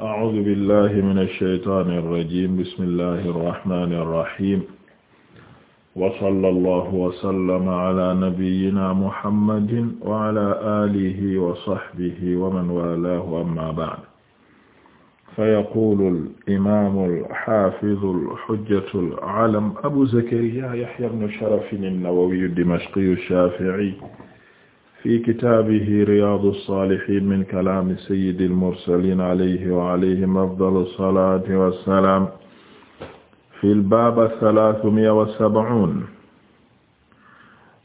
أعوذ بالله من الشيطان الرجيم بسم الله الرحمن الرحيم وصلى الله وسلم على نبينا محمد وعلى آله وصحبه ومن والاه أما بعد فيقول الإمام الحافظ الحجة العلم أبو زكريا يحيى بن شرف النووي الدمشقي الشافعي fi kitaabihi riyaadu saalihiin min kalaami sayyidil mursaliin alayhi wa alayhim afdalu salaati wa salaam fil baabi salaasumiya wa sab'uun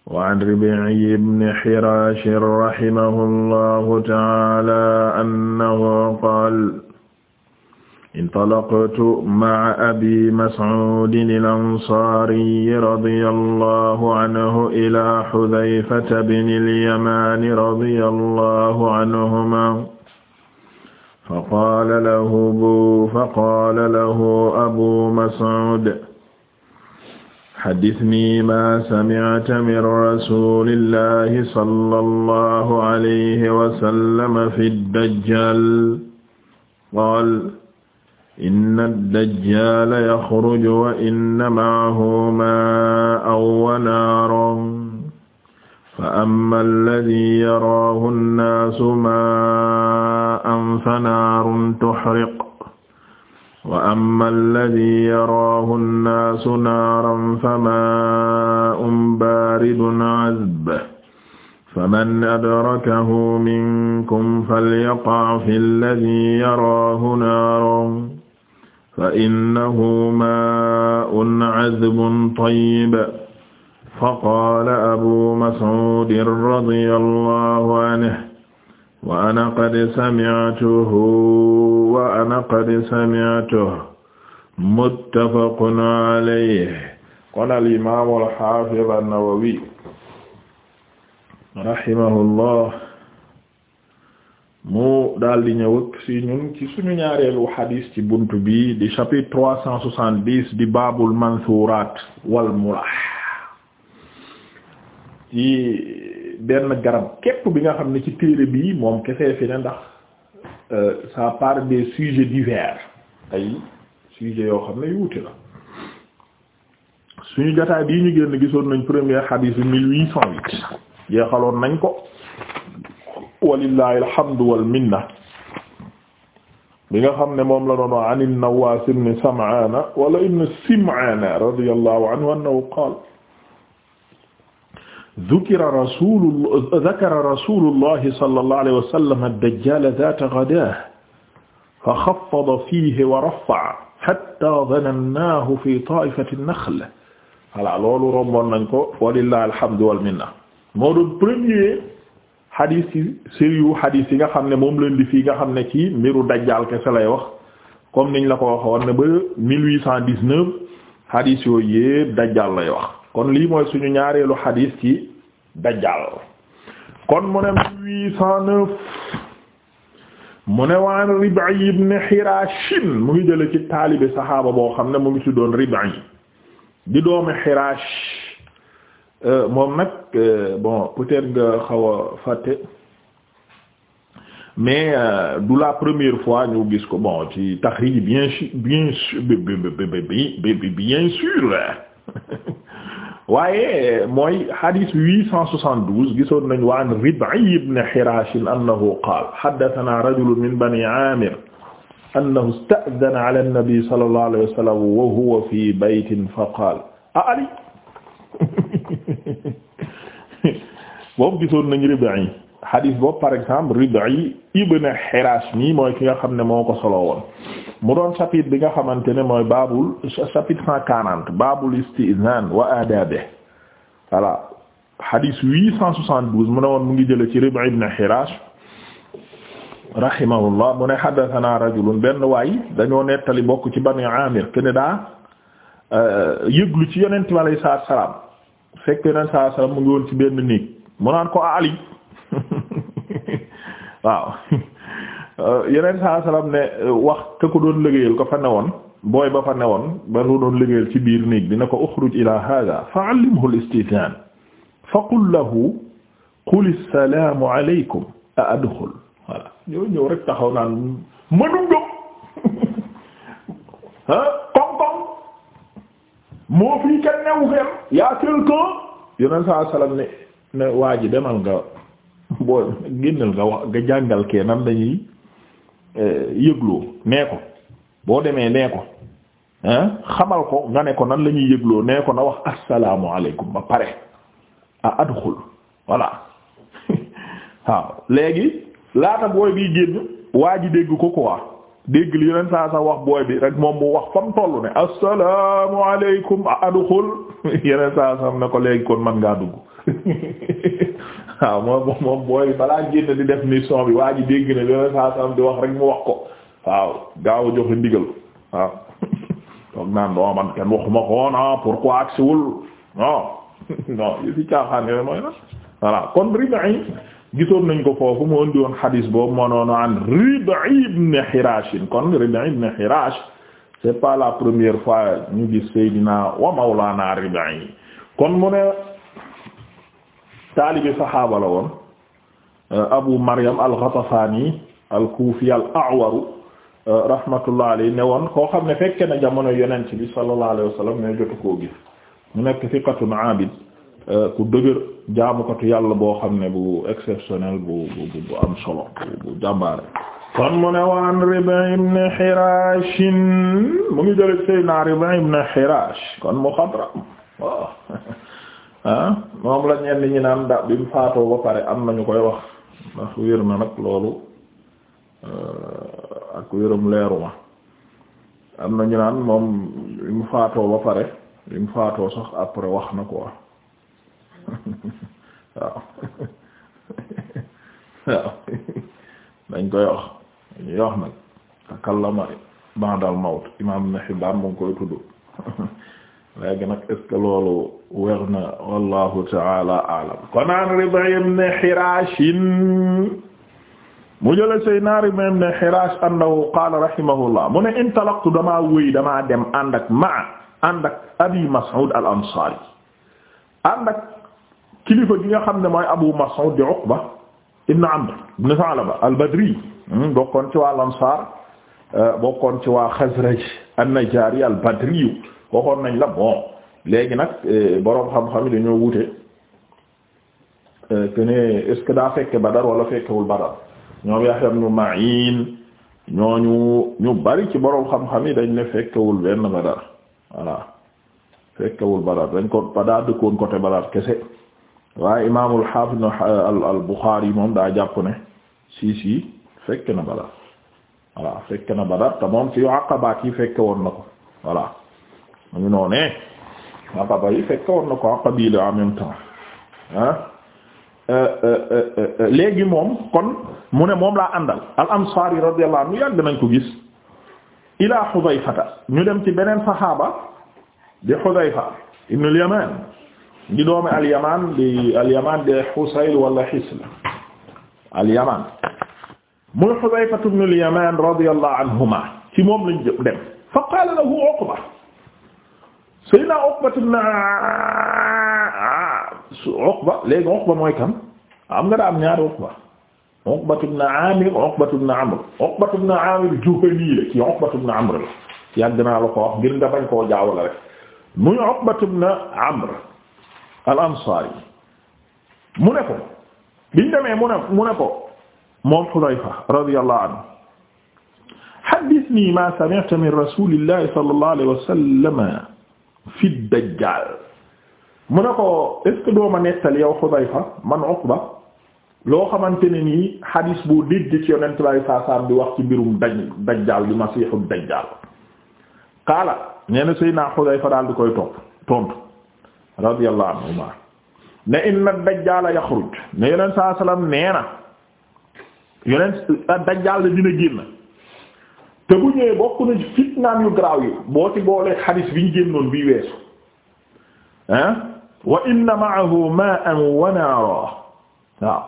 wa an Rib'iy ibn Hiraash rahimahullaahu ta'aalaa annahu qaala intalaqtu ma'a abi mas'uudin al-ansaari radiyallahu anhu ilaa hudayfata bni al-yamaani radiyallahu anhumaa faqaala lahu faqaala lahu abu mas'uud xaddisnii maa samicta min rasuulillaahi sallallahu alayhi wa sallam fi dajjaal qaala inna dajjala yaxruju wa inna maahu maa'an wa naaran fa amma alladii yaraahu nnaasu maa'an fa naarun tuhriq wa amma alladii yaraahu nnaasu naaran fa maa'un baaridun azb faman adrakahu minkum falyaqac fi alladii yaraahu naaran fa innahu maa'un cadbun tayyib faqaala abu mas'uudin radiyallaahu anhu wa ana qad samictuhu wa ana qad samictuhu muttafaqun calayhi qaala al-imaamu al-xaafiz an-nawawi rahimahullaah mu daal di ñëw si ñun ci suñu ñaareelu xadiis ci bunt bi di chapitre trois cent soixante-dix di baabul mansuuraat wal mulah ci benn garab képp bi nga xam ne ci téere bi moom kese fi ne ndax euh, ça part des sujets divers ay sujets yoo xam ne yuute la suñu jotaay bii ñu génn gisoon nañ premier xadiis bi mille huit cent nañ ko walillahi alhamdu wal minna bi nga xam ne moom la doon wax an an-Nawwas ibn Sam'an wala ibn Sim'an radiyallahu anhu annahu qaala dhukira rasulullah dhakara rasulullah sallallahu alayhi wa sallam ad-dajjal dhata ghadaah fa xafada fiihi wa rafa'a hatta dhanannaahu fi taa'ifati an-naxl voilà loolu romboon nañ ko walillahi alhamdu wal minna moo doon premier xadiis yi sériyu xadiis yi nga xam ne moom leen di fii nga xam ne ci mbiru dajjaal kese lay wax comme niñ la ko waxoon ne ba 1819 xadiis yooyu yépp dajjaal lay wax kon lii mooy suñu ñaareelu xadiis ci dajjaal kon mu ne 1809 mu ne waan Rib'i ibn Hirash mu ngi jële ci taalibe saxaaba boo xam ne mu ngi tuddoon Rib'i di doomi Hirash Euh, moom nag euh, bon peut-être nga xaw a fàtte mais euh, du la première fois ñu gis ko bon ci taxrij bien su bien su bien sûr waaye mooy hadith huit cent soixante douze gisoon nañu wa an Rib'i ibn Hirash annahu qaala haddathana rajulun min bani Amir annahu ista'dhana ala an-nabi sallallahu alayhi wa sallam wa huwa fi baytin fa qaala a Ali boobu gisoon nañu Rib'i xadis boobu par exemple Rib'i ibn Hirash mi mooy ki nga xam ne moo ko solo woon mu doon chapitre bi nga xamante ne mooy baabul chapitre cent quarante baabul istizan wa adabe voilà xadis huit cent soixante-douze mu ne woon mu ngi jële ci Rib'i ibn Hirash rahimahullah mu ne haddathana rajulun benn waay dañoo nettali bokk ci Bani Amir kene daa euh, yëglu ci yonent bi alayhi salaam fekk yonent salaam mu ngi woon ci benn néeg mu naan ko Ali waaw yeneen saa salaam ne wax te ko doon liggéeyal ko fa newoon booy ba fa newoon ba lu doon liggéeyal ci biir néeg dina ko uxruj ila hada fa allimhu al-istizaan fa qul lahu qul assalaamu alaykum a adxul voilà ñëw ñëw rek taxaw naan mënu ngëm ah koŋ moo fii kenn newu fenn yaa quelqu'un yeneen saa salaam ne ne waa ji demal nga boo génnal nga wax nga jàngal kee nan dañuy eh, yëgloo nee ko boo demee nee ko xamal ko nga ne ko nan la ñuy yëgloo nee ko na wax asalaamualeykum ba pare a adxul voilà waaw léegi laata booy biy génn waa ji dégg ko quoi dégg li yeneen saa sa wax booy bi rek moom mu wax fam tollu ne assalaamu alaykum adxul yeneen saa sa ne ko léegi kon man ngaa dugg waaw moom moom booy bi balaa génn di def mission bi waa ji dégg ne li yeneen saa sa di wax rek mu wax ko waaw gaaw joxe ndigal waaw toog naan non man kenn waxuma ko non pourquoi agsiwul non non yi si caaxaan yooyu mooy na voilà kon riba gisoon nañ ko foofu mu indi xadis boobu moo noonu an Rib'i ibn Hirash kon Rib'i ibn Hirash c'est pas la première fois ñu gis Seydina wa Mawlana Rib'i kon mu ne taalibi saxaaba la woon euh, Abu Maryam al-Ghatafani al-Kufi al-A'war euh, rahmatullah alayhi ne woon koo xam ne fekke jamono yonent bi sallallahu alayhi wa sallam mais nekk thiqatun abid Euh, ku dëgër jaamukatu yàlla boo xam ne bu exceptionnel bu bu bu am solo bu jàmbaare kon mu ne waan Rib'i ibn Hirash mu ngi jële Seydina Rib'i ibn Hirash kon mu xadram waaw oh. ah moom la ñenn ñi naan da bi mu faatoo ba pare am na ñu koy wax ndax wér na nag loolu euh, ak wérum leeruma am na ñu naan moom bi mu faatoo ba pare bi mu faatoo sax après wax na quoi waaw waaw dañ koy wax dañuy wax nag takallama ba'dal mawt imam Ibn Hibbaan mu ngi koy tudd léegi nag est-ce que loolu wér na wallahu ta'ala a'lam kon an Rib'i ibn Hiraash mu jële sayna Rib'i ibn Hiraash annahu qaala rahimahullah mu ne intalaqtu damaa wéy damaa dem ànd ak ma ànd ak Abi Mas'ud al-Ansari ànd ak kilifa gi nga xam ne mooy Abu Mas'ud di Uqba ibn Amr ibn Salaba al-Badri hmm, bokkoon ci waa Ansaar euh, bokkoon ci waa Xasraj jaar najjaari al-Badri waxoon nañ la bon léegi nag euh, boroom xam-xam yi dañoo wute euh, que ne est-ce que daa fekke Badar wala fekkewul Badar ñoom Yahya ibn Ma'in ñooñu ñu bari ci boroom xam-xam yi dañ ne fekkewul benn Badar voilà fekkewul Badar dañ ko daa dëkkoon côté Badar kese. waaye imaamul xaafid euh, al Buxaari moom daa jàpp ne si si fekk na Badar voilà fekk na Badar te moom ci Aqabaat yi fekke woon na ko voilà mu noonee Aqaba yi fekke woon na ko Aqabi la en même euh, euh, léegi moom kon mu ne moom laa àndal al Ansaari radiyallahu anhu yàgg nañ ko gis ilaa Xudayfata ñu dem ci beneen saxaaba di Xudayfa ibn al-Yamaan di doomi alyaman di alyaman de Husayl wala Hisl alyaman muy Hudayfatu ibn al-Yaman radiyallahu anhuma ci moom lañ jëm dem fa qala lahu Uqba sayyidina Uqba ibn Uqba léegi Uqba mooy kan am nga daa am ñaari Uqba Uqba ibn Amir Uqba ibn Amr Uqba ibn Amir Juhani la ci Uqba ibn Amr la yàgg naa la ko wax ngir nga bañ koo jaawala rek muy Uqba ibn Amr al ansaari mu ne ko biñ demee mu ne mu ne ko moom Xudayfa radiyallahu anhu haddisnii maa sami'ta min rasuulillahi sallallahu alayhi wa sallam fi dajjaal mu ne ko est-ce que doo ma nettali yow Xudayfa man Uqba loo xamante ne nii hadis boo dégg ci yonent bi saa saa bi wax ci mbirum daj dajjaal bi masiixu dajjaal qaala nee na Seydina Xudayfa daal di koy topp tontu. radiyallahu anhuma ne inna dajjaala yaxruj ne yonent saa salaam nee na yonent ah, dajjaal la dina génn te bu ñëwee bokk na fitnaam yu garaaw yi boo ci boolee xadiis bi ñu génnoon bii weesu ah wa inna ma'ahu maa'an wa naaran waaw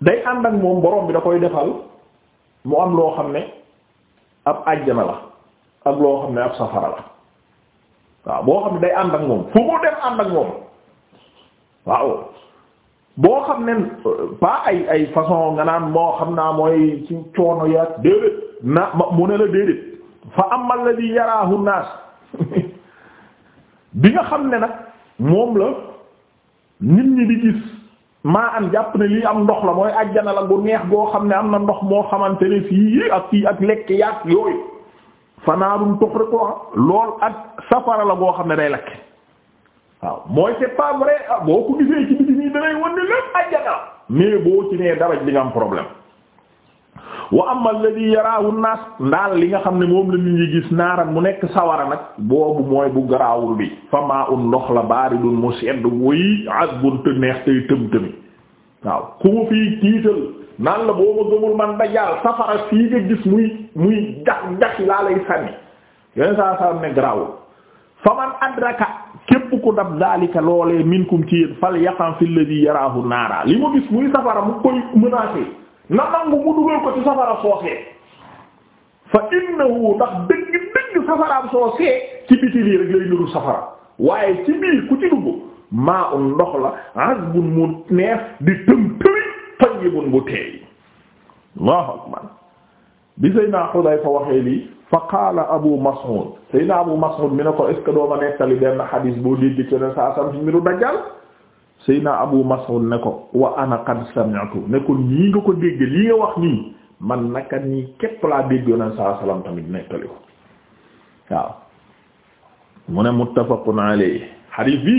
day ànd ak moom borom bi da koy defal mu am loo xam ne ab àjjana la ak loo xam ne ab safara la waaw boo xam ne day ànd ak moom fu mu dem ànd ak moom waaw boo xam ne euh, pas ay ay façon nga naan moo xam naa mooy ci coono yaat déedéet na mu ne la déedéet fa amma alladhi yaraahu naas bi nga xam ne nag moom la nit ñi di gis maa am jàpp ne lii am ndox la mooy àjjana la bu neex goo xam ne am na ndox moo xamante ne fii ak fii ak lekk yaat yooyu fanaarum tuxriqu lool ak safara la boo xam ne day lakk waaw mooy c'est pas ah boo ko gisee ci biti nii danay wan ne lépp ajjana mais boo ci nee daraj am problème wa amma alladhi yaraahu naas li nga xam ne moom la nit ñi gis naaran mu nekk sawara nag boobu mooy bu garaawul bi famaa un ndox la baaridun mu sedd wuy azbun te neex tey tëm tëmi waaw ku mu fii tiital naan la boo ma gëmul man dajjaal safara fii nga gis muy muy jax jax laa lay sànni yoneen saa sallam ne grawul fa man adraka képp ku dab zalika loolee minkum ci yéen fal yaqam fi alladhi yaraahu naara li mu gis muy safara mu koy menacé na nangu mu dugal ko ci safara soosee fa innahu ndax dëgg dëgg safaraam soosee ci biti lii rek lay niru safara waaye ci biir ku ci dugg maa un ndox la azbun mu neef di tëm tëm tayyibun bu teey Allahu akbar bi Seydina Xudayfa waxee lii fa qaala Abu Mas'ud Seydina Abu Mas'ud mi ne ko est-ce que nettali benn xadiis boo dégg ci saa sam ci dajjal Seydina Abu Mas'ud ne ko wa ana qad sami'tu ne ko nii nga ko dégg lii nga wax nii man naka nii képp laa dégg yoneen saa salaam tamit nettali ko waaw mu ne muttafaqun alayhi xadiis bi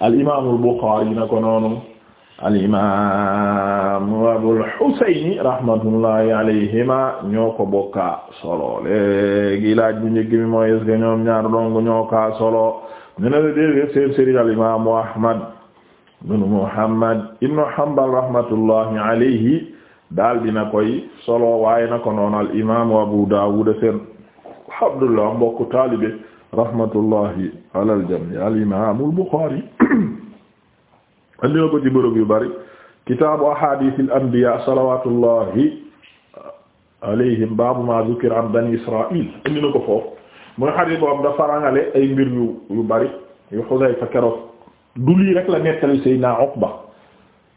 al imaamul Buxaari na ko noonu alimamu abul husayni rahmatullahi alayhima ñoo bokka solo léegi laaj bu njëkk mi mooy est ñoom ñaar dong ñoo ka solo ne la déedéet seen sëriñ ahmad ibn muhammad ibnu hanbal rahmatullahi alayhi daal dina koy solo waaye na ko noon alimamu abu dawud seen abdullah mbokku taalibe rahmatullahi ala al jami alimamu al andi na ko ci bërëb yu bari kitaabu ahadith al anbiya salawatullahi alayhim baabu ma dhukira an bani israil indi na ko foofu muy xadis boobu dafa rangale ay mbir yu yu bari yu Xudayfa keroog du lii rek la nettali Seydina Uqba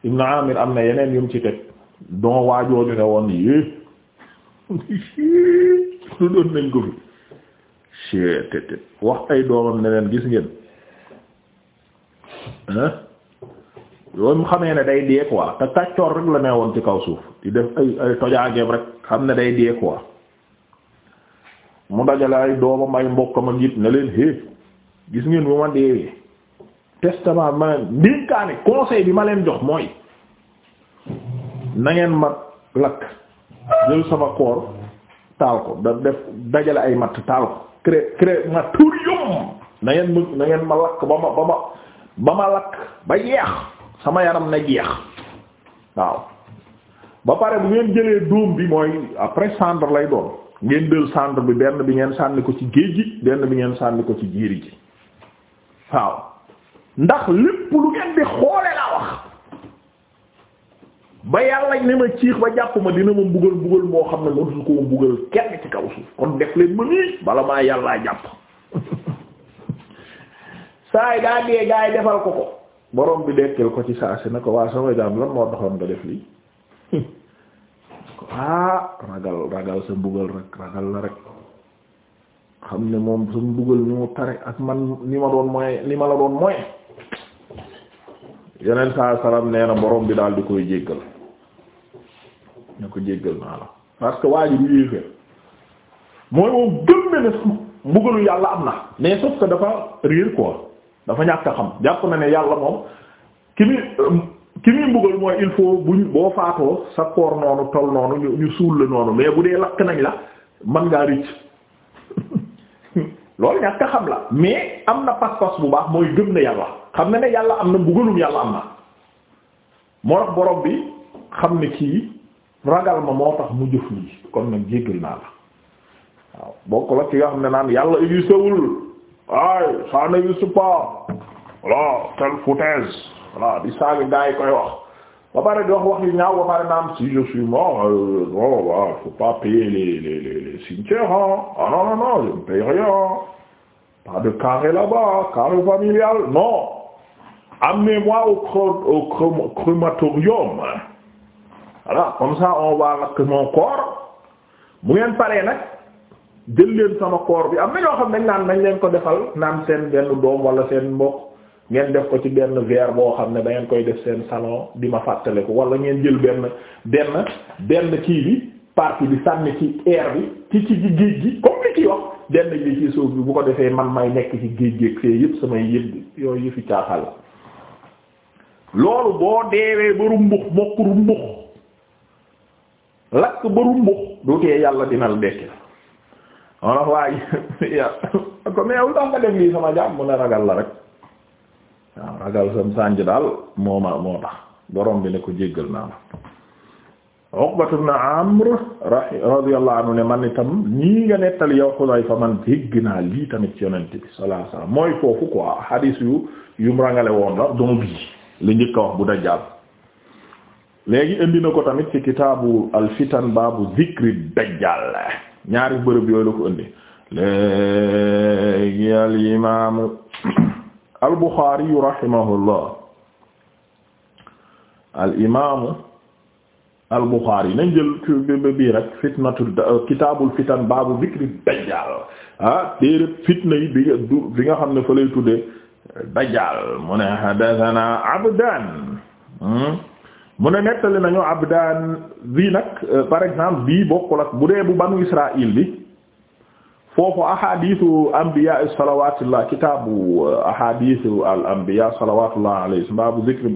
ibn Amir am na yeneen yum ci teg don waajooju ne woon yé lu doon nañ ko fi wax ay doomam ne gis ngeen ah yooyu xamee ne day dee quoi te kàccoor rek la ne woon ci kaw suuf di def ay tojaageem rek xam ne day dee quoi mu dajale ay doomam ay mbokkam ak it ne leen hé gis ngeen bu ma deewee testament bi ma leen ndénkaane conseil bi ma leen jox mooy nangeen ngeen ma lakk jël ko da ay matt taal ko cré cré ma ba ma ba ma ba ma lakk ba yeex sama yaram na jeex waaw ba pare bu ngeen jëlee dóom bi mooy après cendre lay doon ngeen dël cendre bi benn bi ngeen sànni ko ci géej gi benn bi ngeen sànni ko ci jiiri ji waaw ndax lépp lu ngeen di xoole laa wax ba yàlla ne ma ciix ba jàpp ma dina ma mbugal mbugal moo xam ne ma su ko mbugal kenn ci kaw suuf kon def leen ma nii bala maa yàllaa jàpp saa yi dee gaa defal ko ko boroom bi dekkil ko ci saasi na ko waa sama jaam lan moo taxoon nga def lii ah ragal ragal sa mbugal rek ragal la rek xam ne moom sa mbugal ni mu tare ak man ni ma doon moye ni ma la doon moye yeneen saa salaam nee na borom bi daal di koy jéggal na ko jéggal naa la parce que waa ji du yéeféer mooy moom gëm ne ne mbugalu yàlla am na mais sauf que dafa réer quoi dafa ñàkk a xam jàpp na ne yàlla moom ki muy euh, ki muy mbugal mooy il faut buñ boo faatoo sa koor noonu tol noonu ñu suul la noonu mais bu dee lakk nañ la man ngaa rëcc loolu ñàkk xam la mais am na pas-pas bu baax mooy gëm na yàlla xam na ne yàlla am na mbugalum yàlla am na moo tax borom bi xam ne kii ragal ma moo tax mu jëf lii kon nag jéggal naa la waaw bokk la ki nga xam ne naan yàlla existewul ay ça n'existe pas voilà telle foutaise voilà di saaga gaa yi koy wax ba pare di wax wax yu ñaaw ba pare naan si je suis mort euh, bon voilà faut pas payer les les les les cimetières ah non non non je ne paye rien pas de carré là-bas familial non amenez-moi au au crématorium voilà comme ça on va lakk mon corps bu ngeen paree nag. jël leen sama koor bi am na xam ne naan nañ leen ko defal naan seen benn doom wala seen mbokk ngeen def ko ci benn verre boo xam ne dangeen koy def seen salon bi ma ko wala ngeen jël benn benn benn kii bi bi sànni ci air bi ci ci géej gi comme li ci wax benn gi ci suuf bi bu ko defee man may nekk ci géej géeg fee yëpp samay yëpp yooyu yëfi caaxal la loolu boo deewee ba rumbux mokk rumbux lakk ba rumbux du tee yàlla dina la dekk on wax waaye ko meew tax nga def lii sama jaam mu ne ragal la rek waaw ragal sam sànj daal moo ma moo tax borom bi ne ko jéggal naa la Uqbatu ibn Amr ne man itam ñii nga nettali yow Xudayfa man dégg naa lii tamit yonent bi sallallahu alayhi mooy foofu quoi xadiis yu yu rangale woon la doom bii li njëkk a wax bu dajjaal léegi indi na ko tamit ci kitaabu al fitan baabu zikri dajjaal ñaari bërëb yooyu la ko indi léegi al imaamu al Buxaari rahimahullah al imaamu al Buxaari nañ jël bii rek fitnatu kitaabul fitan baabu dikri dajjaal téere fitna yi bi nga du bi nga xam ne fa lay tudde dajjaal mu ne haddasanaa Abdaan hmm? mu ne nettali nañu abdaan bii nag euh, par exemple bii bokkul ak bu dee bu banu israil bi foofu ahadisu anbiya salawatullah kitaabu euh, ahadisu al anbiya salawatullah alayhi baabu zikr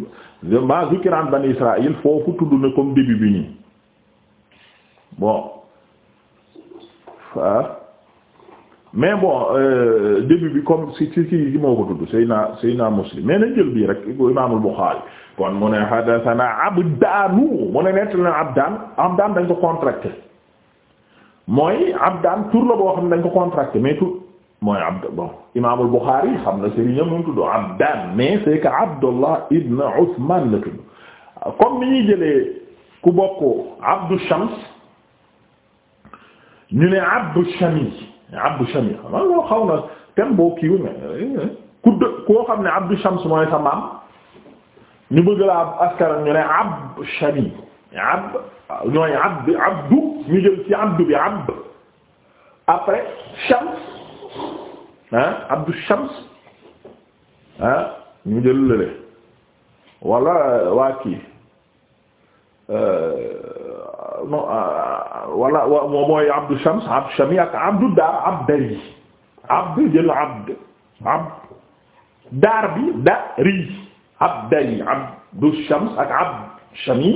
ma zikr bani israil foofu tudd na comme début bi nii bon mais bon euh, début bi comme si si si moo ko tudd Seyna Seyna Muslim mais nañ jël bii rek imaamul Buxaari kon mu ne hadathana abdaanu mu ne na abdaan abdaan dañ ko contracté mooy abdaan tur boo xam ne dañ ko contracté mais tur mooy abd bon imaamul Bukhari xam na sëriñam mu tudd abdaan mais c'est que Abdullah ibn Usman la tudd comme ni ñuy jëlee ku bokk Abdu Shams ñu ne Abdu Shami Abdu Shami xam loo xaw na thème boo kiiwee eh, eh, ku dë koo xam ne Abdu Shams mooy sa maam ñu bëgg laa askara ñu ne ab shami ab ñooy ab abdu ñu jël ci abdu bi ab après shams ah abdu shams ah ñu jël lële wala waa kii euh, non euh, wala mooy abdu shams abdu shami ak abdu daar abdari abdu jël abd abd daar bi dari abdari abdu shams ak abd shami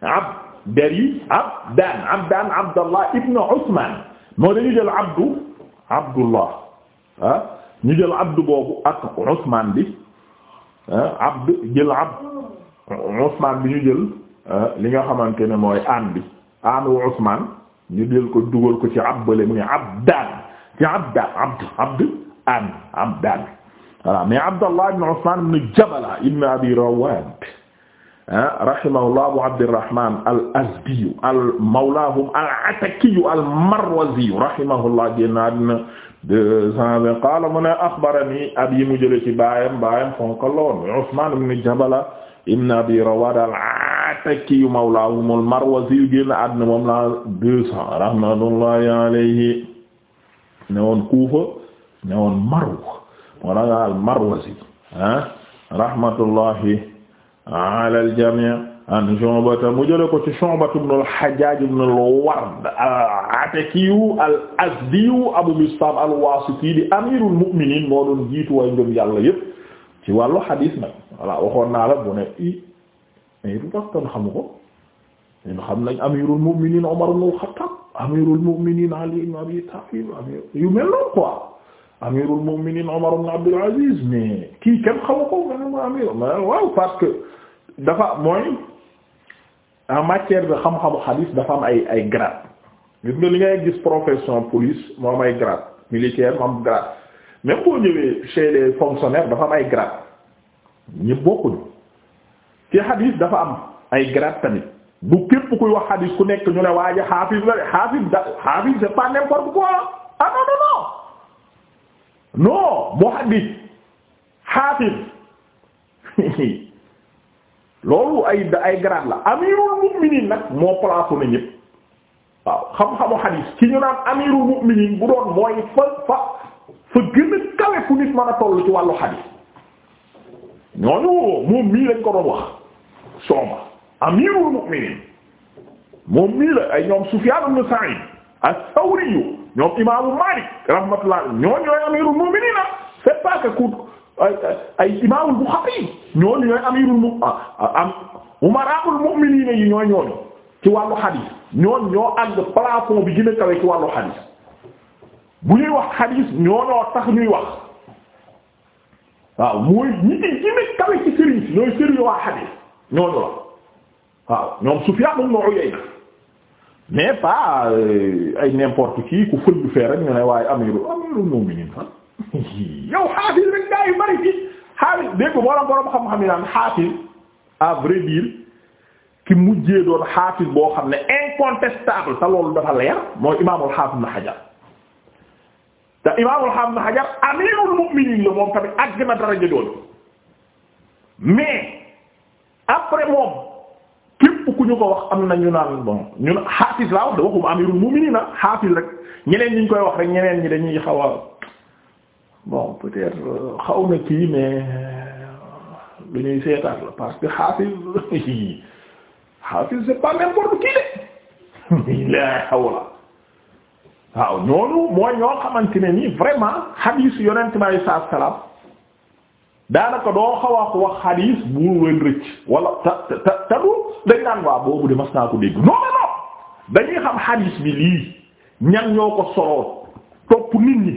abdari abdan abdan abdallah ibn usman moo dañu jël abdu abdullah ñu jël abdu boobu ak usman bi abd jël abd usman bi ñu jël li nga xamante ne mooy aan bi aanu usman ñu jël ko dugal ko ci abbale mu ne abdan ci abdan abd abd aan abdan voilà mais Abdallah ibn Usman ibn Jabala ibn Abi Rawad rahimahullah Abu Abdirrahman al-Azdi al-mawlahum al-Ataki al-Marwazi rahimahullah génnaat na deux cent vingt qaala mu ne axbarani ab yi mu jëlee ci baayam baayam fonkal la woon Usman ibn Jabala ibn Abi Rawad al-Ataki mawlahum al-Marwazi génnaat na moom la deux cent rahmatullahi alayhi ne woon Kufa ne woon Marwa wala nga al-Marwazi ah rahmatullahi ala al-jami' an Shu'bata mu jële ko ci Shu'bata ibn al-Hajjaj ibn al-Ward al-Atakiyu al-Azdiyu Abu Bistam al-Wasiti di amirul mu'minin moo doon jiitu way ngëm yàlla yépp ci wàllu xadiis nag voilà waxoon naa la bu ne i mais du tax kon xamu ko ñun xam nañ amirul mu'minin Umar ibn al-Khattab amirul mu'minin Ali ibn Abi Talib yu mel noonu quoi amirul mu'minin Omar ibn Abdul Aziz mais kii kenn xamu ko nga ma amir waaw parce que dafa mooy en matière de xam-xamu xadiis dafa am ay ay grade gis nga li ngay gis profession police moo am ay grade militaire moo am grade même boo ñëwee chez les fonctionnaires dafa am ay grade ñëpp bokkuñu ci xadiis dafa am ay grade tamit bu képp kuy wax xadiis ku nekk ñu ne waa ji la de xaafis da c'est pas n'importe quoi ah non non non non muhaddis hafiz loolu ay ay grade la amirul mu'minin nag moo placé na ñëpp waaw xam-xamu hadis ci ñu naan amirul mu'minin bu doon mooy fa fa fa gën kawe fu nit mën a toll ci wàllu hadis ñooñu moom mii lañ ko doon wax sooma amirul mu'minin moom mii la ay ñoom Sufyan ibn Sa'id as-Sawri yu ñoom imaamu Maalik rahmatullah ñooñu ñooy amirul mu'miniina c'est pas que ku ay ay imaamul Buxaari ñooñu ñooy amirul mu ah, ah, am umaraa'ul mu'miniina yi ñooy ñooñu ci wàllu xadiis ñooñu ñoo àgg plafond bi gën a kawe ci wàllu xadiis bu ñuy wax xadiis ñooñoo ñuy wax waaw mooy ñi ci gën a kawe ci sëriñ si ñooy sëriñu waa la waaw ñoom Sufyaan ibn Uyayna mais pas euh, ay n'importe qui ku fëldu fee rek ñu ne waaye amiru amiru mu'minin fan yow xaafis rek gaa yu bari fi xaafis dégg moo la borom xam-xam yi naan xaafis à vrai dire ki mujjee doon xaafis boo xam ne incontestable te loolu dafa ku ñu ko wax am na ñu naan bon ñun xaafis laa wax da waxum amirul mu'minin na ah xaafis rek ñeneen ñi ñu koy wax rek ñeneen ñi dañuy xaw a bon peut-être euh, xaw na kii mais euh, lu ñuy seetaat la parce que xaafis xaafis c'est pas n'importe qui de la waaw ñoonu mooy ñoo xamante ne nii vraiment xadiis yonent bi sallallahu alayhi daanaka doo xaw a wax xadiis bu leen rëcc wala ta ta tadu dañ naan waa boobu de mas naa ko dégg non non dañuy xam xadiis bi lii ñan ñoo ko soloot topp nit ñi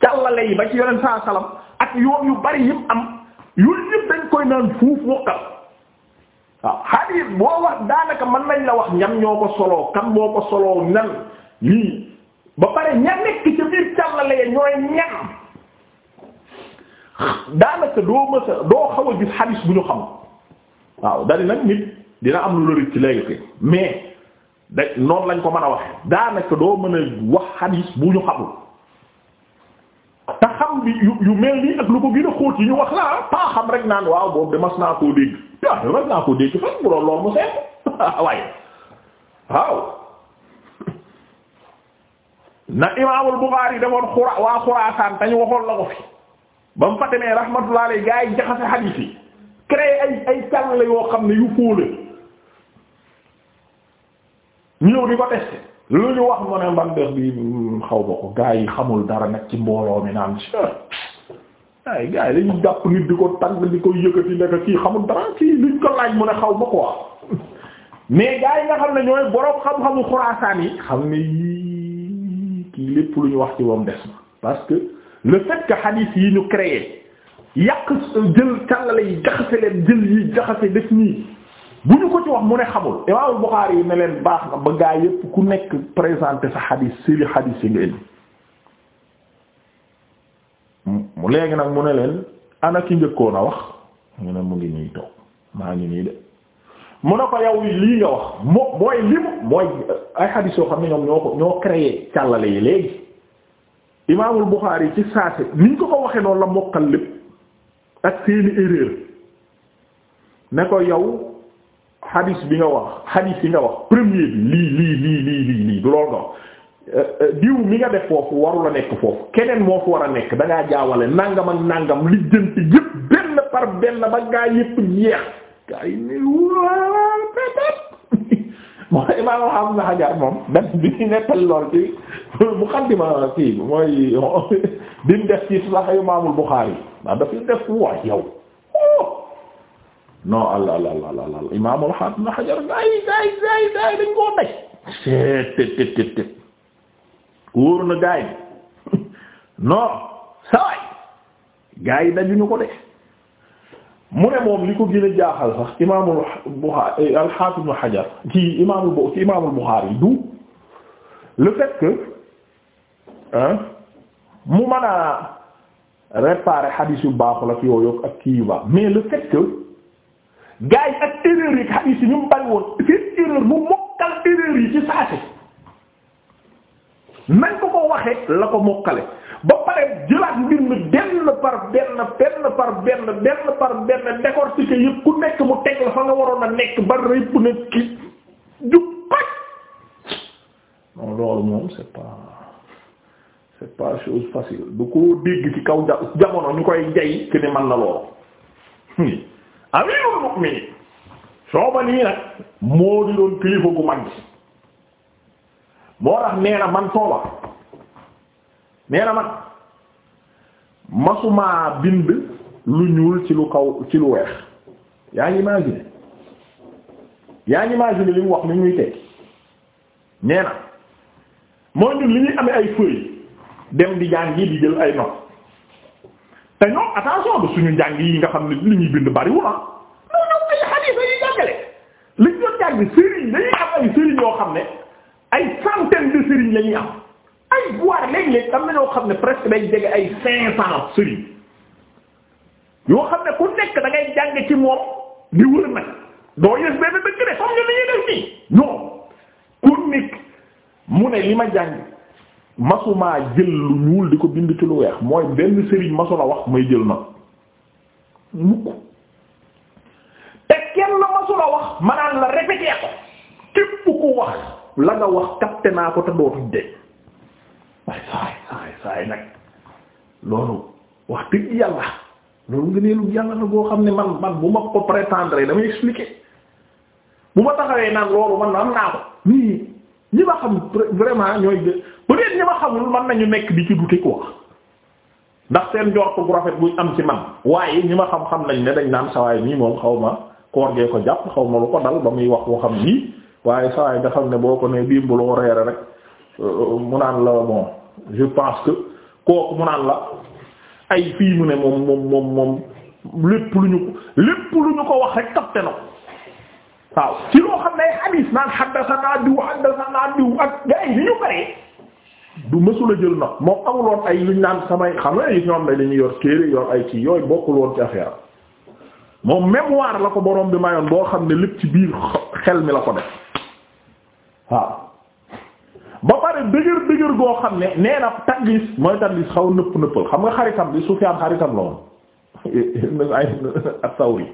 càllale yi ba ci yoneen saa salam ak yoon yu bari yim am yooyu yëpp dañ koy naan fuuf wokkal waaw xadiis boo wax daanaka mën nañ la wax ñan ñoo ko soloo kan moo ko soloo ñan lii ba pare ña nekk ci biir càllale ya ñooy ñan daanaka doo mës a doo xaw a gis xadis bu ñu xam waaw dali nag nit dina am lu la rëcc léegi fi mais da noonu lañ ko mën a waxe daanaka doo mën a wax xadis bu ñu xamul te xam bi yu yu mel nii ak lu ko gën a xóot yi ñu wax la pas xam rek naan waaw boobu de mas naa koo dégg waaw mas naa koo dégg fan bu doon lool mu seet waaye waaw na Imaamul Buxaari demoon xura waa Xuraasaan te waxoon la ko fi ba mu fa demee rahmatullah alayhi gaa yi jaxase hadith yi créé ay ay yoo xam ne yu fóole ñu ñëw di ko testé lu ñu wax mu ne mbandeex bi xaw ba ko gaa yi xamul dara nag ci mbooloo mi naan si ay gaa yi dañu jàpp nit di ko tàng di ko yëkkati nekk kii xamul dara kii luñ ko laaj mu ne xaw ba quoi mais gaa yi nga xam ne ñooy boroom xam-xamu xuraasaan yi xam ne kii lépp lu ñu wax ci moom des na parce que le fait que hadith yi ñu créé yàq jël càllale yi jaxase leen jël yi jaxase def nii bu ñu ko ci wax mu ne xamul imaamul Buxaari yi ne leen baax na ba gaa yépp ku nekk présenté sa hadith seli hadith yi nga indi mu léegi nag mu ne leen anaki ki njëkkoon a wax ñu ne mu ngi nii toog maa ngi nii de mu ne ko yow lii nga wax moo mooy li mooy ay hadith yoo xam ne ñoom ñoo ko ñoo créé càllale yi léegi imaamul Buxaari ci saase niñ ko ko waxee noonu la mokkal lépp ak seeni erreur ne ko yow hadis bi nga wax hadis yi nga wax premier bi lii lii lii lii lii lii loolu nga euh, euh, diw mi nga def foofu waru la nekk foofu keneen moo fi war a nekk da ngaa jaawale nangam ak nangam li jënt yëpp benn par benn ba gaa yëpp jeex gaa yi ne waa moo imaam am na xajar moom benn bi ñu nekkal lool ci muqaddima kii mooy bi mu def ci Sahih Imaamul Buxaari ndax daf def waa yow non allah allah allah imaamul xaafid na xajar gaa yi gaa yi dañ koo daj tet tet na gaa yi non saway ko de mu ne moom li ko gën a jaaxal sax imaamul Buxaari eh, al-Haafiz Ibn ci imaamul ci imaamul Buxaari du le fait que mu mën a réparer xadiis yu baaxul ak yooyu ak kii yu baax mais le fait que yi ak erreur yi xadiis yi ñu mu bari woon seen mu mokkal erreur yi ci saase nañ ko ko waxee la ko mokkale leen jëlaat mbir mi benn par benn benn par benn benn par benn décortiquer yëpp ku nekk mu teg la fa nga waroon a nekk ba rëbb na ki jub loolu moom c'est pas c'est pas chose facile du ko dégg ci kaw jamono ñu koy jay ki ne mën na loolu amirul mu'minin sooba nii nag moo di doon kilifa gu mag moo tax nee man sooba nee man masumaa bind lu ñuul ci lu kaw ci lu weex yaa ngi imaginer yaa ngi imaginer li mu wax ni ñuy tekki nee na mooy li ñuy amee ay feuilles dem di jàngi di jël ay notes te ñoom suñu njàng yi nga xam ne li ñuy bind bariwul ah non ñoom ay xadiis dañuy li ñu doon jàng sëriñ dañuy am sëriñ yoo xam ne ay centaine de sëriñ la ñuy am. léeg-léeg am na ñoo xam ne presque day jege ay cinq cent sëriñ yoo xam ne ku nekk da jàng ci moom di wër nag doo yës benn dëkk de comme ñu ne li ma jàng masumaa jël lu ñuul di ko bind ci lu weex mooy benn sëriñ masu wax may jël nag la wax manaan ko képp ku wax la nga wax capté naa ko te dootuñ de waaye saay saay saay nag loolu wax dëgg yàlla loolu nga neelu yàlla la boo xam ne man man bu ma ko prétendre damay expliquer bu ma taxawee naan loolu man am naa ko nii ñi ma xam vraiment ñooy gë- peut-être ñi ma xamul man nañu nekk di ci douter quoi ndax seen njort bu rafet buñ am ci man waaye ñi ma xam-xam nañ ne dañ naan sawaay nii moom xaw ma koor gee ko jàpp xaw ma lu ko dal ba muy wax woo xam nii waaye sawaay nga xam ne boo ko ne biim bu rek euh, euh, mu naan la je pense que kooku mu naan la ay fii mu ne moom moom moom moom lépp lu ñu ko lépp lu ñu ko wax rek kapte na waaw ci loo xam ne ay hadis naan haddasanaa diw haddasanaa diw ak gars yi li ñu bëree du mësula jël nag moom amuloon ay luñ naan samay xam nga yi ñoom ne dañuy yor téere yor ay kii yooyu bokkul woon ci affaire moom mémoire la ko boroom bi mayoon boo xam ne lépp ci biir xel mi la ko def waaw ba pare dëgër dëgër goo xam ne nee na mooy tadlis xaw nëpp nëppal xam nga xaritam bi su xaritam la woon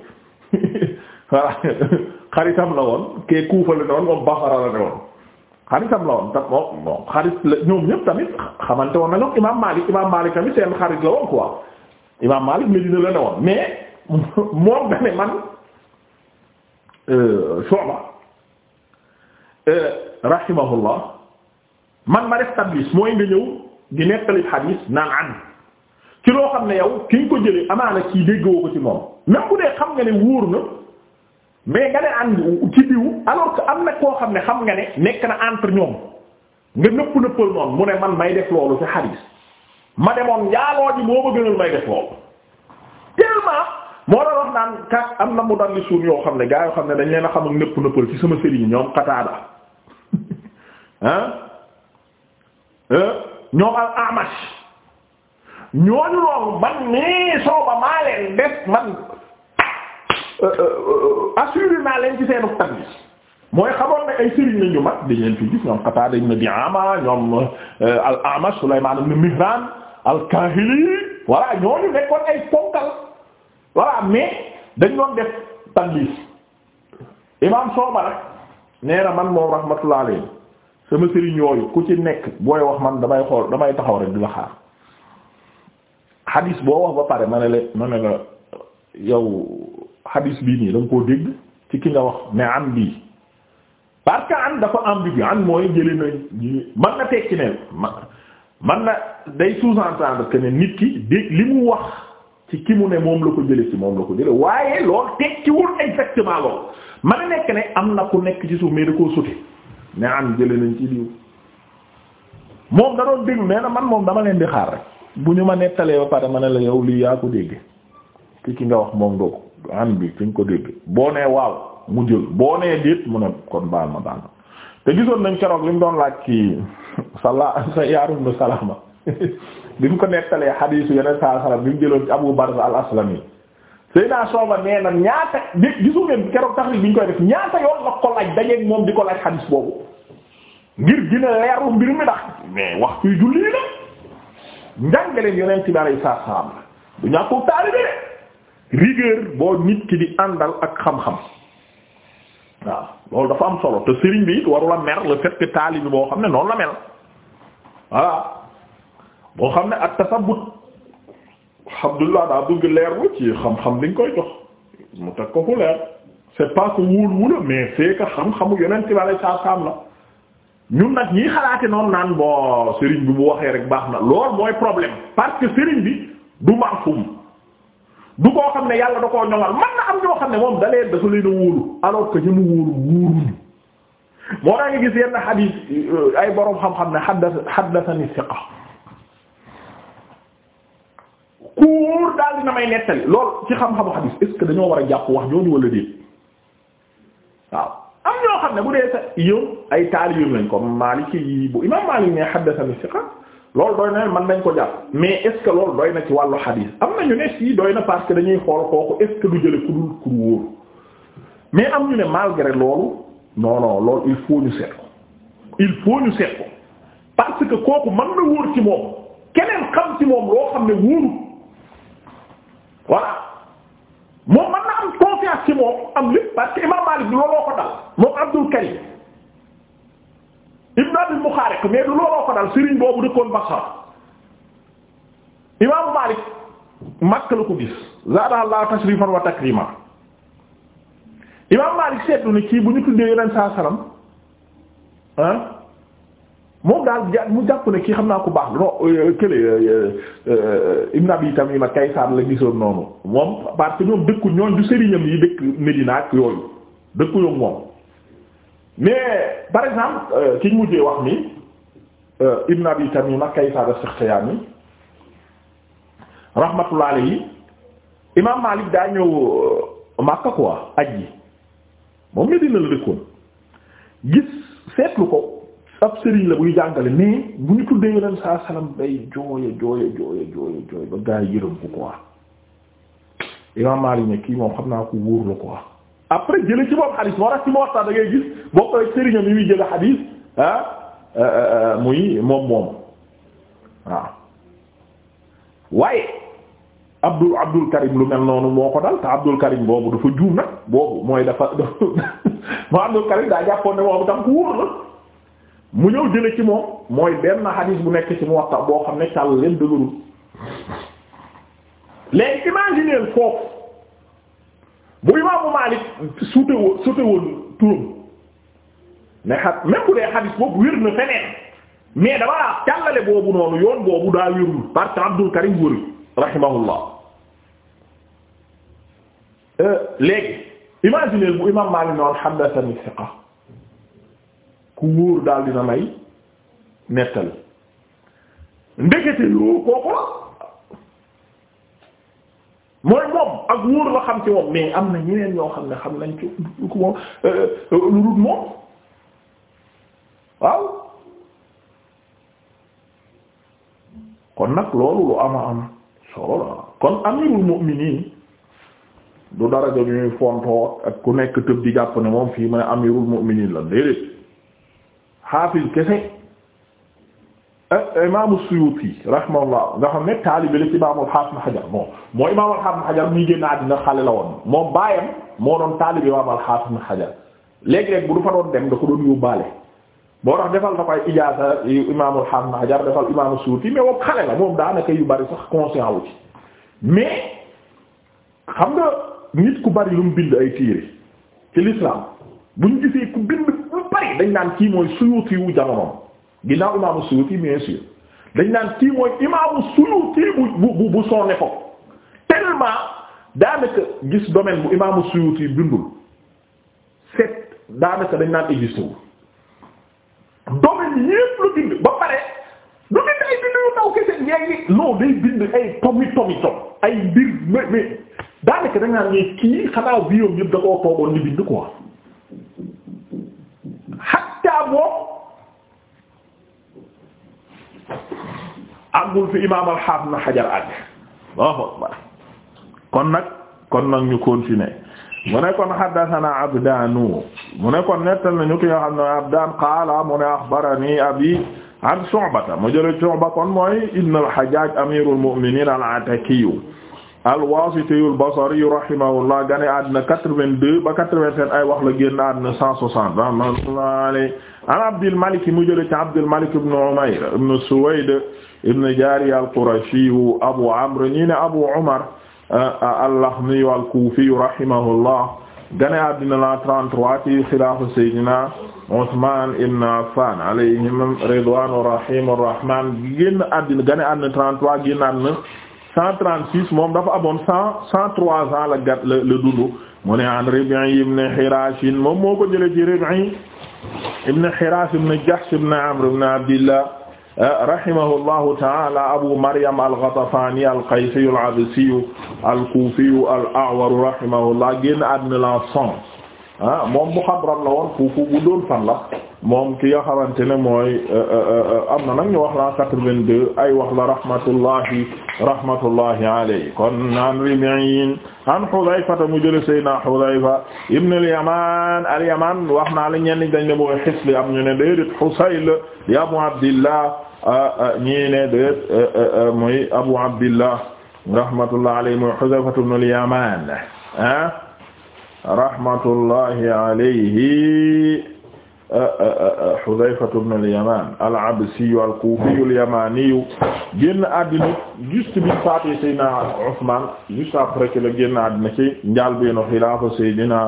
xaritam la woon kee Kuufa la ne woon moom Basra la ne xaritam la woon tam moom moom xarit la ñoom ñëpp tamit xamante woon na ñoom Imaam Maalik Imaam Maalik tamit seen xarit la woon quoi Imaam Maalik Medina la ne woon mais moom dane man euh, Shu'ba euh, rahimahullah man ma def tablis mooy nga ñëw di nettali xadiis naan an ci loo xam ne yow ki nga ko jëlee amaana kii déggoo ko ci moom même dee xam nga ne wóor na mais nga ne an ci diw alors am na koo xam ne xam nga ne nekk na entre ñoom nga nëpp nëppal noonu mu ne man may def loolu ci xadiis ma demoon njaaloo ji moo ma gënal may def loolu tellement moo la naan kat am na mu dalli suun yoo xam ne gaa yoo xam ne dañ leen a xam ak nëpp nëppal ci sama sëriñ ñoom Qataada ah Eh? ñoom al amash ñooñu loolu man nii sooba maa leen man eh, eh, assuré naa leen ci seenu tagis mooy xamoon ne ay sëriñ lañu mag dañ leen fi gis ñoom Qataada ñoom al amash Sulaymaan ibn Mihraan al Kaahili voilà ñooñu nekkoon ay ponkal voilà mais dañ doon def tagis imam sooba nag nee man moom rahmatullah alayhi sama sëriñ ku ci nekk booy wax man damay xool damay taxaw rek di la xaar xadis boo wax ba pare ma ne la ma ne la yow xadis bii nii da koo dégg ci ki nga wax mais am bii parce que am dafa ambigu am mooy jëlee na mën na tekki ne man na day sous-entendre que ne nit ki dégg li mu wax ci ki mu ne moom la ko jële ci moom la ko jële waaye loolu tekkiwul exactement loolu mën a nekk ne am na ku nekk ci suuf da koo sute ne an jële nañ ci diw moom da doon déglu man moom dama leen di xaar rek bu ñu ma nettalee ba pare ma ne la yow lii yaa ko dégg ki ki nga wax moom nga ko am bi fi nga ko dégg boo nee waaw mu jël boo nee déet mu ne kon baal ma baal te gisoon nañ keroog li mu doon laaj ci sala sa yaarum na salama bi mu ko nettalee xadiisu yeneen saa salaam bi mu jëloon ci Abu Barza al-Aslami Seydina Soba nee na ñaata gisu ngeen keroog taxrij bi ñu koy def ñaata yoon la ko laaj dajeeg moom di ko laaj xadis boobu ngir dina leeru mbir mi ndax mais wax kuy julli la njàngaleen yonent bi alayhi salaam la du ñàkkul taalibe de boo nit ki di àndal ak xam-xam waaw loolu dafa am solo te sëriñ bi it warula mer le fait que boo xam ne noonu la mel voilà boo xam ne ak tasabbut alhamdulilah daa bëgg leer lu ci xam-xam bi nga koy jox mu teg ko fu leer c'est pas que wóol wula mais c'est que xam-xamu yonent bi alay saa la ñu nag ñi xalaate noonu naan bon sëriñ bi bu waxee rek baax na lool mooy problème parce que sëriñ bi du mafum du koo xam ne yàlla da koo ñoŋal man na am ñoo xam ne moom dalee dafa leen a wóolu alors que ñu mu wóolu wóoruñu moo daa nga gis yenn xadiis ay boroom xam-xam ne xadda xaddasani siqa buur daal dina may nettali loolu ci xam-xamu xadiis est dañoo war a jàpp wax ñooñu wala déet waaw am ñoo xam ne bu dee sa yow ay taalibeem lañ ko Maalik yi bu imaam Maalik ne haddathani thiqa loolu doy na man nañ ko jàpp mais est-ce que loolu doy na ci wàllu xadiis am na ñu ne si doy na parce que dañuy xool kooku est-ce que du jële ku dul ku wóor mais am ñu ne malgré loolu non non loolu il faut ñu seet ko il faut ñu seet ko parce que kooku mën na wóor ci moom voilà moom mën na am confiance ci moom am lépp parce que imam Malik du looloo ko dal moom Abdul Karim ibn Abdul Mukhariq mais du looloo ko dal sëriñ boobu dëkkoon Basra imam Malik Makka la ko gis zaada Allah tashrifan wa takrima imam Malik seetlu ne kii bu ñu tuddee yeneen saa salaam ah moom daal mu jàpp ne kii xam naa ko baax non euh, euh, kële yi euh, Abi Tamima Kaysaan la gisoon noonu moom parce que ñoom dëkku ñooñ du sëriñam yi dëkk Medina ak yooyu dëkku ñoom moom mais par exemple ki ñu mujjee wax ni Ibn Abi Tamima Kaysaan as-Sakhtiyani rahmatullahi alayhi Imam Malik daa ñëw Makka quoi aj ji moom Medina la dëkkoon gis seetlu ko ab sëriñ la buy jàngale mais bu ñu tuddee yoneen saa salaam day jooya jooya jooya jooya jooy ba gaa yi yërëm ko quoi imam Maalik kii moom xam naa ko wóor la quoi après jële ci moom xadis moo tax ci moo waxtaan da ngay ah, euh, euh, euh, moom moom waaw waaye Abdul Abdul Karim lu mel noonu moo ko dal te Abdul Karim boobu dafa juum nag boobu mooy dafa moo Abdul Karim daa jàppoon ne moom tam ku wóor la mu ñëw jële ci moom mooy benn xadiis bu nekk ci Muwatta boo xam ne càll leen dëgërul léegi imaginer foofu bu imaamu Maalik suute woon suute woon turam ne xa même bu dee xadiis boobu wér na feneen mais damaa càllale boobu noonu yoon boobu daa wérul parce que Abdul Karim wëru rahimahullah euh, léegi imaginer bu imaam Maalik noonu xaddatani siqa ku wóor daal dina may nettali ndekete yoo kooku la mooy moom ak wóor la xam ci moom mais am na ñeneen ñoo xam ne xam nañ ci lu ko moom euh, waaw kon nag loolu lu ama am solo la kon amirul mu'minin du dara ñuy fontoo ak ku nekk tëb di jàpp ne moom fii ma ne amirul mu'minin la déedéet xaafis kese eh, eh, imaamu Suyuti rahimahullah nga xam ne taalibe la ci imaamul xaafis na Hajar moom moo imaamul xaafis na Hajar muy génn àddina xale la woon moom baayam moo doon taalibe imaamul xaafis na Hajar léegi-léeg bu du fa doon dem da ko doon yóbbaale boo tax defal na ko ay ijaaza imaamul xaafis na Hajar defal imaamu Suyuti mais moom xale la moom daanaka yu bari sax conscient wu ci mais xam nga nit ku bari lu mu bind ay téere ci l'islam buñ gisee ku bind. bari dañ naan kii mooy Suyuti wu jamonoom ginnaaw imaamu Suyuti bien sûr dañ naan kii mooy imaamu Suyuti bu bu bu son époque tellement daanaka gis domaine bu imaamu Suyuti bindul set daanaka dañ naan existé wu kii xanaa bi yoom yëpp da koo toogoon ni bind quoi moom àggul fi imaam al-Hafiz na xajar àgg Allahu akbar kon nag kon nag ñu continuer mu ne kon haddathana Abdaanu mu ne kon nettal nañu ki ne Abdaan qaala mu ne axbarani abi an Shu'bata mu jële Shu'ba kon mooy ibn al-Hajjaj amirul mu'minin al-Atakiyu al-Wasitiyu al-Basriyu rahimahullah gane àddina 82 ba 87 ay wax la génn àddina 160 rahmatullahi alayhi an Abdul Malik mu jële ci Abdul Malik ibn Umayr ibn Suwayd ibn Jariya al-Qurashiyu Abu Amr ñi ne Abu Umar euh, al-Lakhmiyu al-Kufiyu rahimahullah gane àddina la 33 ci xilaafa Seydina Usman ibn Affan alayhim ridwanu rahim arrahman génn àddina gane àddina 33 génn àddina cent trente six moom dafa amoon cent cent trois ans la gat la la dund mu ne an Rib'i ibn Hirash moom moo ko jëlee ci Abu Maryam al-Ghatafani al-Qaysi al-Absi al-Kufi al-A'war rahimahullah génn àddina la cent ah moom muxadram la woon fuufu bu doon la moom ki nga xamante ne mooy eh, eh, eh, am na nag ñu wax la 82 ay wax la rahmatullahi rahmatullahi alayhi kon an Ribi'in an Hudhayfata mu jële Seydina Hudhayfa ibn al-Yaman al-Yaman wax naa la ñenn dañ ne mooy Hisli am ñu ne déedéet Husayl di Abu Abdillah ah, ah, ñii ne déet muy Abu Abdillah rahmatullahi alayhi mooy Hudhayfata ibn al-Yaman ah? rahmatullahi alayhi Hudhayfatu ibn al-Yaman al-Absiyu al-Kufiyu al-Yamaniyu génn àddina juste bi faatee Seydina Ousmane juste après que la génn àddina ci njàlbéenu xilaafa Seydina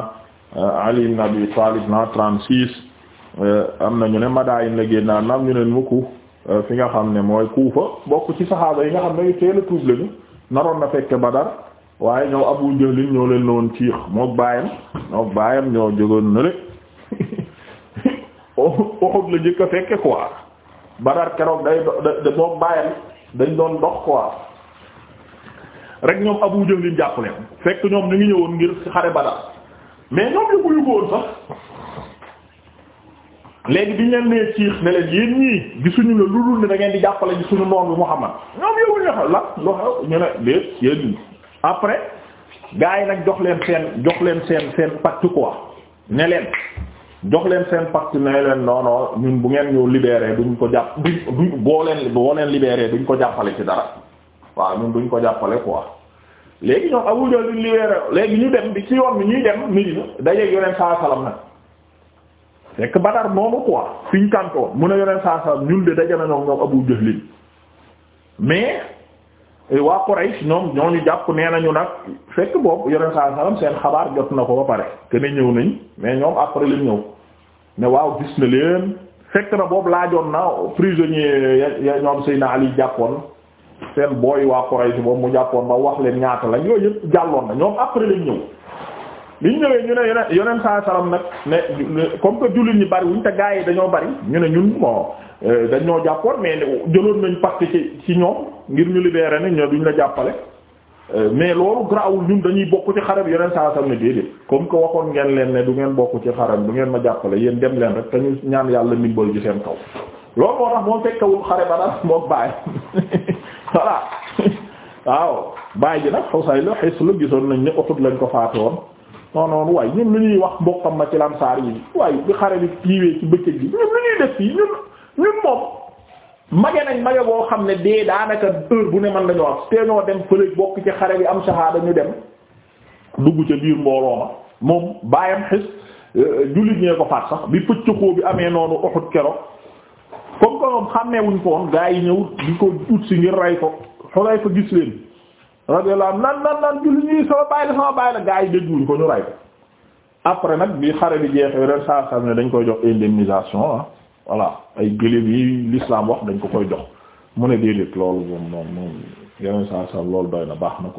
euh, Ali ibn Abi Talib na 36 am na ñu ne Madayin la génn àddina am ñu ne mukku euh, fi nga xam ne mooy Kufa bokk ci saxaaba yi nga xam ne teel a tuub lañu naroon na fekk Badar waaye ñoo Abu Jahl ñoo leen noon ciix mook baayam mook baayam ñoo jógoon na le Uhud la jëkk a fekke quoi Badar keroog day do- mook baayam dañ doon dox quoi rek ñoom Abu Jahl liñ jàpp leen fekk ñoom ñu ngi ñëwoon ngir xare Badar mais ñoom yu ko yóbbuwoon sax léegi bi ñu leen nee ciix ne leen yéen ñii gisuñu la lu dul ne da ngeen di jàppale ci suñu noon bi Muhammad ñoom yóbbuñu la la loo xew ñu ne déet yéen après gars yi nag jox leen seen jox leen seen seen pacte quoi ne leen jox leen seen pacte ne leen non non ñun bu ngeen ñu libéré duñ ko jàpp boo leen boo leen libéré duñ ko jàppale ci dara waaw ñun duñ ko jàppale quoi léegi ñoom Abu Jahl léegi ñu dem bi ci yoon bi ñuy dem Médina dajeeg yoneen saa salam nag fekk Badar moomu quoi fiñ kàntoon mu ne yoneen saa salam ñun de daje nañoo ñoom Abu mais. Eh, waa Quraysh ñoom ñoo ñu jàpp nee nañu nag fekk boobu yoneen saa salaam seen xabaar jot na ko ba pare te ne ñëw nañ mais ñoom après lañ ñëw ne waaw gis na leen fekk boobu laajoon na prisonnier ya ñoom Seydina Ali jàppoon seen booy waa Quraysh mu jàppoon ba wax leen ñaata lañ yooyu yëpp jàlloon na ñoom ñëw liñ ñëwee ñu ne yoneen yoneen saa salaam nag ne comme que jullit ñi bari wuñ te gaa yi dañoo bari ñu ne ñun bon. Euh, dañ ñoo jàppoon mais jëloon nañ parti ci ci ñoom ngir ñu libéré nañ ñoo duñ la jàppale euh, mais loolu grawul ñun dañuy bokk ci xarab yeneen saa sam ne comme que waxoon ngeen leen ne du ngeen bokk ci xarab ma jàppale yéen dem leen rek te ñaan yàlla ndimbal ji seen kaw loolu moo tax moom fekkewul xare ba dara moom bàyyi voilà waaw bàyyi ji nag xusay la xis la gisoon nañ ne Uhud lañ ko faate woon non non waaye ñun lu ñuy wax mbokkam ma ci lamsaar yi waaye bi xare bi tiiwee ci bëccëg bi ñun lu ñuy def fii ñun moom mage nañ mage boo xam ne dee daanaka heure bu ne man nañu wax te ñoo dem fële bokk ci xare bi am saxaada ñu dem dugg ca biir mbooloo ma moom baayam xis euh, jullit ñee ko faat sax bi pëcc bi amee noonu Uhud kero comme que moom xàmmeewuñ ko gaa yi ñëw di ko ut si ngir rey ko xolay fa gis leen radiyallahu nan nan nan jullit ñi sama baay la sama baay la gaa yi dégguñ ko ñu rey ko après nag bi xare bi jeexee ren saa saa ne dañ koy jox indemnisation ah. voilà ay gëléem yi l'islam wax dañ ko koy jox mu ne déedéet loolu moom moom moom yeneen saa saa loolu doy na baax na ko